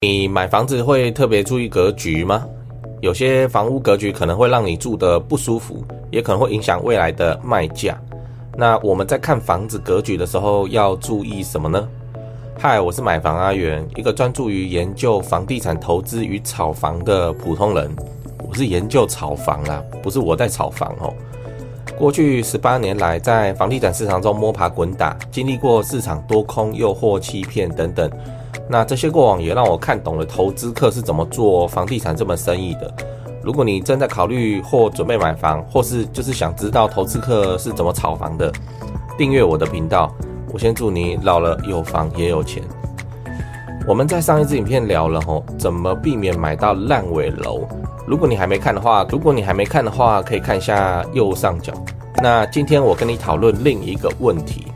你買房子會特別注意格局嗎？有些房屋格局可能會讓你住得不舒服，也可能會影響未來的賣價。那我們在看房子格局的時候要注意什麼呢？嗨，我是買房阿元，一個專注於研究房地產投資與炒房的普通人。我是研究炒房啦、啊，不是我在炒房哦。過去十八年來，在房地產市場中摸爬滾打，經歷過市場多空誘惑、欺騙等等。那這些過往也讓我看懂了投資客，是怎麼做房地產這門生意的。如果你正在考慮或準備買房，或是就是想知道投資客是怎麼炒房的，訂閱我的頻道。我先祝你老了有房也有錢。我們在上一支影片聊了吼，怎麼避免買到爛尾樓。如果你還沒看的話，如果你還沒看的話，可以看一下右上角。那今天我跟你討論另一個問題：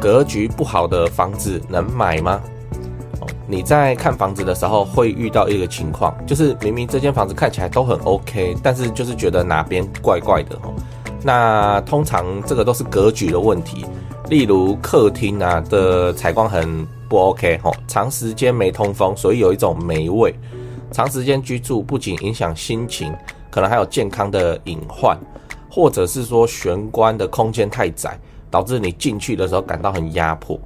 格局不好的房子能買嗎？你在看房子的時候，會遇到一個情況，就是明明這間房子看起來都很 OK，但是就是覺得哪邊怪怪的。那通常這個都是格局的問題，例如客廳啊的採光很不 OK，長時間沒通風，所以有一種霉味。長時間居住不僅影響心情，可能還有健康的隱患。或者是說玄關的空間太窄，導致你進去的時候感到很壓迫。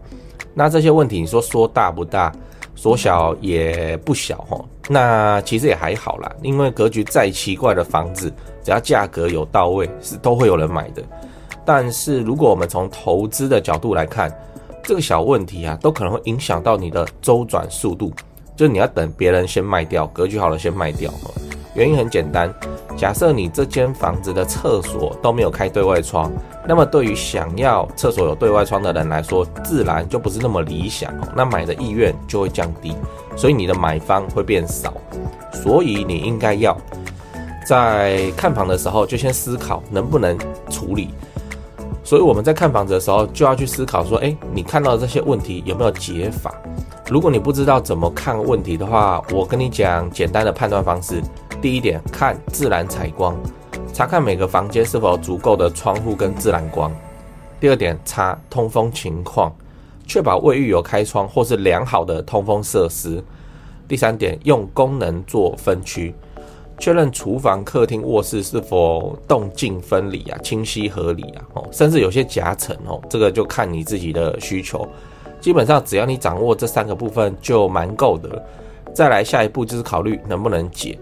那這些問題，你說說大不大？縮小也不小吼，那其實也還好啦，因為格局再奇怪的房子，只要價格有到位，是都會有人買的。但是如果我們從投資的角度來看，這個小問題啊，都可能會影響到你的週轉速度，就是你要等別人先賣掉，格局好了先賣掉吼。原因很簡單，假設你這間房子的廁所都沒有開對外窗，那麼對於想要廁所有對外窗的人來說，自然就不是那麼理想，哦，那買的意願就會降低，所以你的買方會變少，所以你應該要在看房的時候就先思考能不能處理。所以我們在看房子的時候就要去思考，說，誒、欸，你看到的這些問題有沒有解法？如果你不知道怎麼看問題的話，我跟你講簡單的判斷方式。第一點，看自然採光，查看每個房間是否足夠的窗戶跟自然光。第二點，查通風情況，確保衛浴有開窗或是良好的通風設施。第三點，用功能做分區，確認廚房、客廳、臥室是否動靜分離啊，清晰合理啊。哦，甚至有些夾層哦，這個就看你自己的需求。基本上只要你掌握這三個部分就蠻夠的。再來下一步就是考慮能不能解。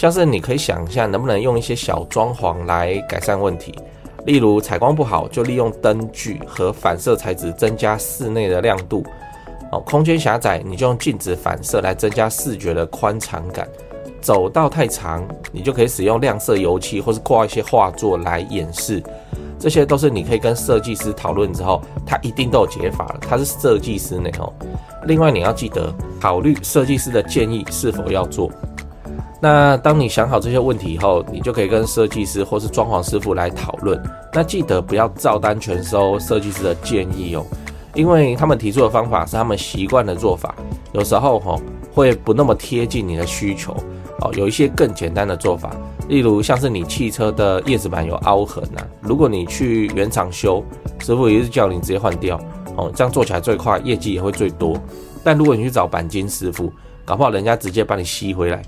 像是你可以想一下，能不能用一些小裝潢來改善問題，例如採光不好，就利用燈具和反射材質增加室內的亮度；哦，空間狹窄，你就用鏡子反射來增加視覺的寬敞感；走道太長，你就可以使用亮色油漆或是掛一些畫作來掩飾。這些都是你可以跟設計師討論之後，他一定都有解法了。他是設計師內哦。另外，你要記得考慮設計師的建議是否要做。那當你想好這些問題以後，你就可以跟設計師或是裝潢師傅來討論。那記得不要照單全收設計師的建議哦，因為他們提出的方法是他們習慣的做法，有時候吼，會不那麼貼近你的需求哦。有一些更簡單的做法，例如像是你汽車的葉子板有凹痕啊，如果你去原廠修，師傅也是叫你直接換掉哦，這樣做起來最快，業績也會最多。但如果你去找鈑金師傅，搞不好人家直接把你吸回來。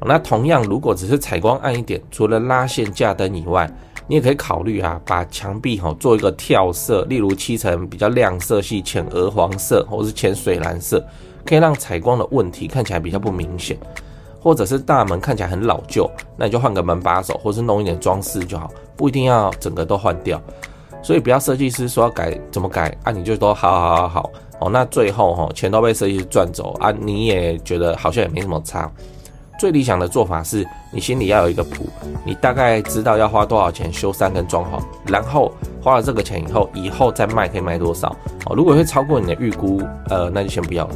那同樣，如果只是採光暗一點，除了拉線架燈以外，你也可以考慮啊，把牆壁哈、哦、做一個跳色，例如漆層比較亮色系，淺鵝黃色或者是淺水藍色，可以讓採光的問題看起來比較不明顯。或者是大門看起來很老舊，那你就換個門把手，或是弄一點裝飾就好，不一定要整個都換掉。所以不要設計師說要改怎麼改，那、啊、你就說好好好好好哦。那最後哈、哦，錢都被設計師賺走啊，你也覺得好像也沒什麼差。最理想的做法是，你心裡要有一個譜，你大概知道要花多少錢修繕跟裝潢，然後花了這個錢以後，以後再賣可以賣多少。哦，如果會超過你的預估，呃，那就先不要了。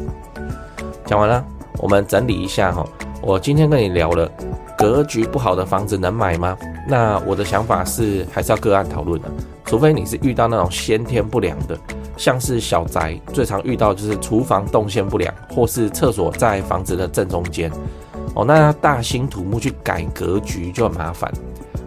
講完了，我們整理一下哈。我今天跟你聊了，格局不好的房子能買嗎？那我的想法是還是要個案討論的，除非你是遇到那種先天不良的，像是小宅最常遇到就是廚房動線不良，或是廁所在房子的正中間。哦，那大興土木去改格局就很麻煩。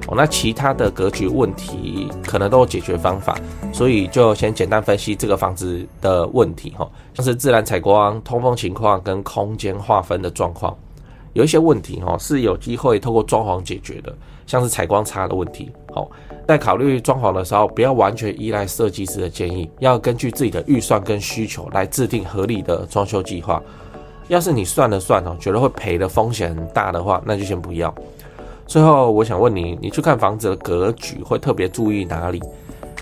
哦，那其他的格局問題可能都有解決方法，所以就先簡單分析這個房子的問題哈、哦，像是自然採光、通風情況跟空間劃分的狀況，有一些問題哈、哦、是有機會透過裝潢解決的，像是採光差的問題。好、哦，在考慮裝潢的時候，不要完全依賴設計師的建議，要根據自己的預算跟需求來制定合理的裝修計劃。要是你算了算哦，覺得會賠的風險很大的話，那就先不要。最後，我想問你，你去看房子的格局會特別注意哪裡？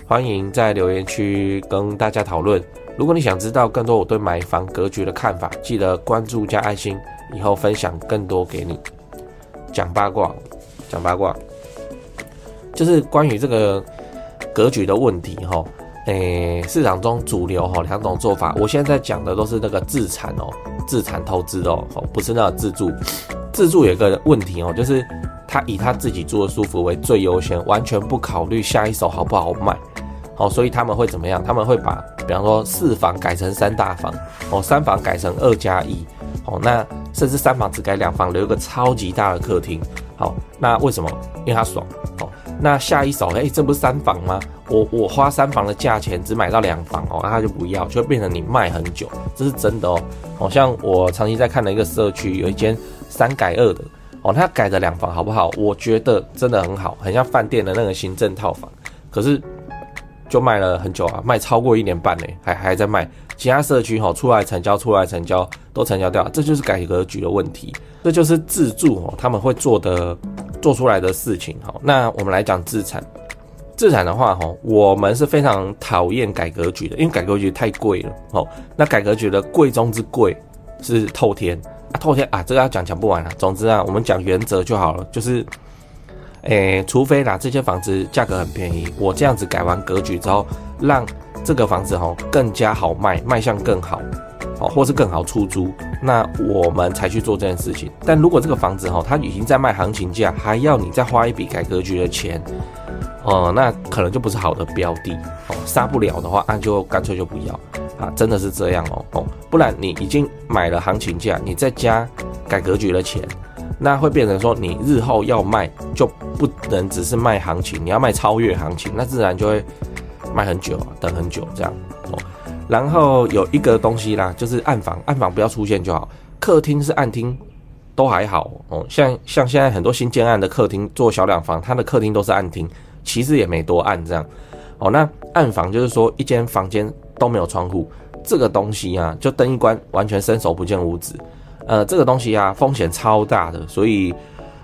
歡迎在留言區跟大家討論。如果你想知道更多我對買房格局的看法，記得關注加愛心，以後分享更多給你。講八卦，講八卦，就是關於這個格局的問題哦。誒，市場中主流吼，哦、兩種做法，我現在講的都是那個自產哦，自產投資哦，不是那個自住。自住有一個問題哦，就是他以他自己住的舒服為最優先，完全不考慮下一手好不好賣，哦，所以他們會怎麼樣？他們會把，比方說四房改成三大房，哦，三房改成二加一，1, 哦，那甚至三房只改兩房，留一個超級大的客廳，好，哦，那為什麼？因為他爽。那下一手，哎、欸，這不是三房嗎？我我花三房的價錢只買到兩房，哦，他、啊、就不要，就會變成你賣很久，這是真的哦。好、哦、像我長期在看的一個社區，有一間三改二的哦，他改的兩房好不好？我覺得真的很好，很像飯店的那個行政套房。可是就賣了很久啊，賣超過一年半呢，還還在賣。其他社區哦，出來成交，出來成交，都成交掉了。這就是改格局的問題，這就是自住哦，他們會做的。做出來的事情，好，那我們來講資產。資產的話，哈，我們是非常討厭改格局的，因為改格局太貴了，哦。那改格局的貴中之貴是透天，啊、透天啊，這個要講講不完了。總之啊，我們講原則就好了，就是，誒、欸、除非啦，這些房子價格很便宜，我這樣子改完格局之後，讓這個房子哈更加好賣，賣相更好。或是更好出租，那我們才去做這件事情。但如果這個房子哈、哦，它已經在賣行情價，還要你再花一筆改格局的錢，哦、呃，那可能就不是好的標的哦。殺不了的話，那、啊、就乾脆就不要啊，真的是這樣哦哦，不然你已經買了行情價，你再加改格局的錢，那會變成說你日後要賣就不能只是賣行情，你要賣超越行情，那自然就會賣很久，等很久這樣哦。然後有一個東西啦，就是暗房，暗房不要出現就好。客廳是暗廳，都還好哦。像像現在很多新建案的客廳做小兩房，它的客廳都是暗廳，其實也沒多暗這樣。哦，那暗房就是說一間房間都沒有窗戶，這個東西啊，就燈一關，完全伸手不見五指。呃，這個東西啊，風險超大的，所以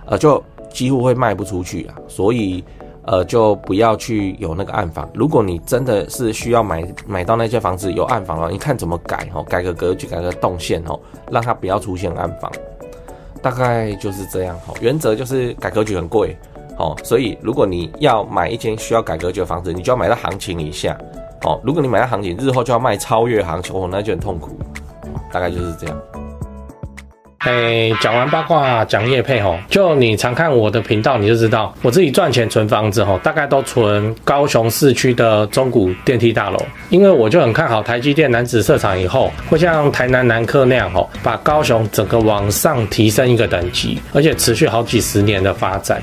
呃，就幾乎會賣不出去啊。所以。呃，就不要去有那個暗房。如果你真的是需要買買到那些房子有暗房了，你看怎麼改哦、喔，改個格局，改個動線哦、喔，讓它不要出現暗房。大概就是這樣哦、喔，原則就是改格局很貴哦、喔，所以如果你要買一間需要改格局的房子，你就要買到行情以下哦、喔。如果你買到行情，日後就要賣超越行情，哦、喔，那就很痛苦、喔。大概就是這樣。哎，講完八卦，講業配吼，就你常看我的頻道，你就知道我自己賺錢存房子吼，大概都存高雄市區的中古電梯大樓，因為我就很看好台積電楠梓設廠以後，會像台南南科那樣吼，把高雄整個往上提升一個等級，而且持續好幾十年的發展。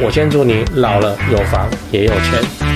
我先祝你老了，有房也有錢。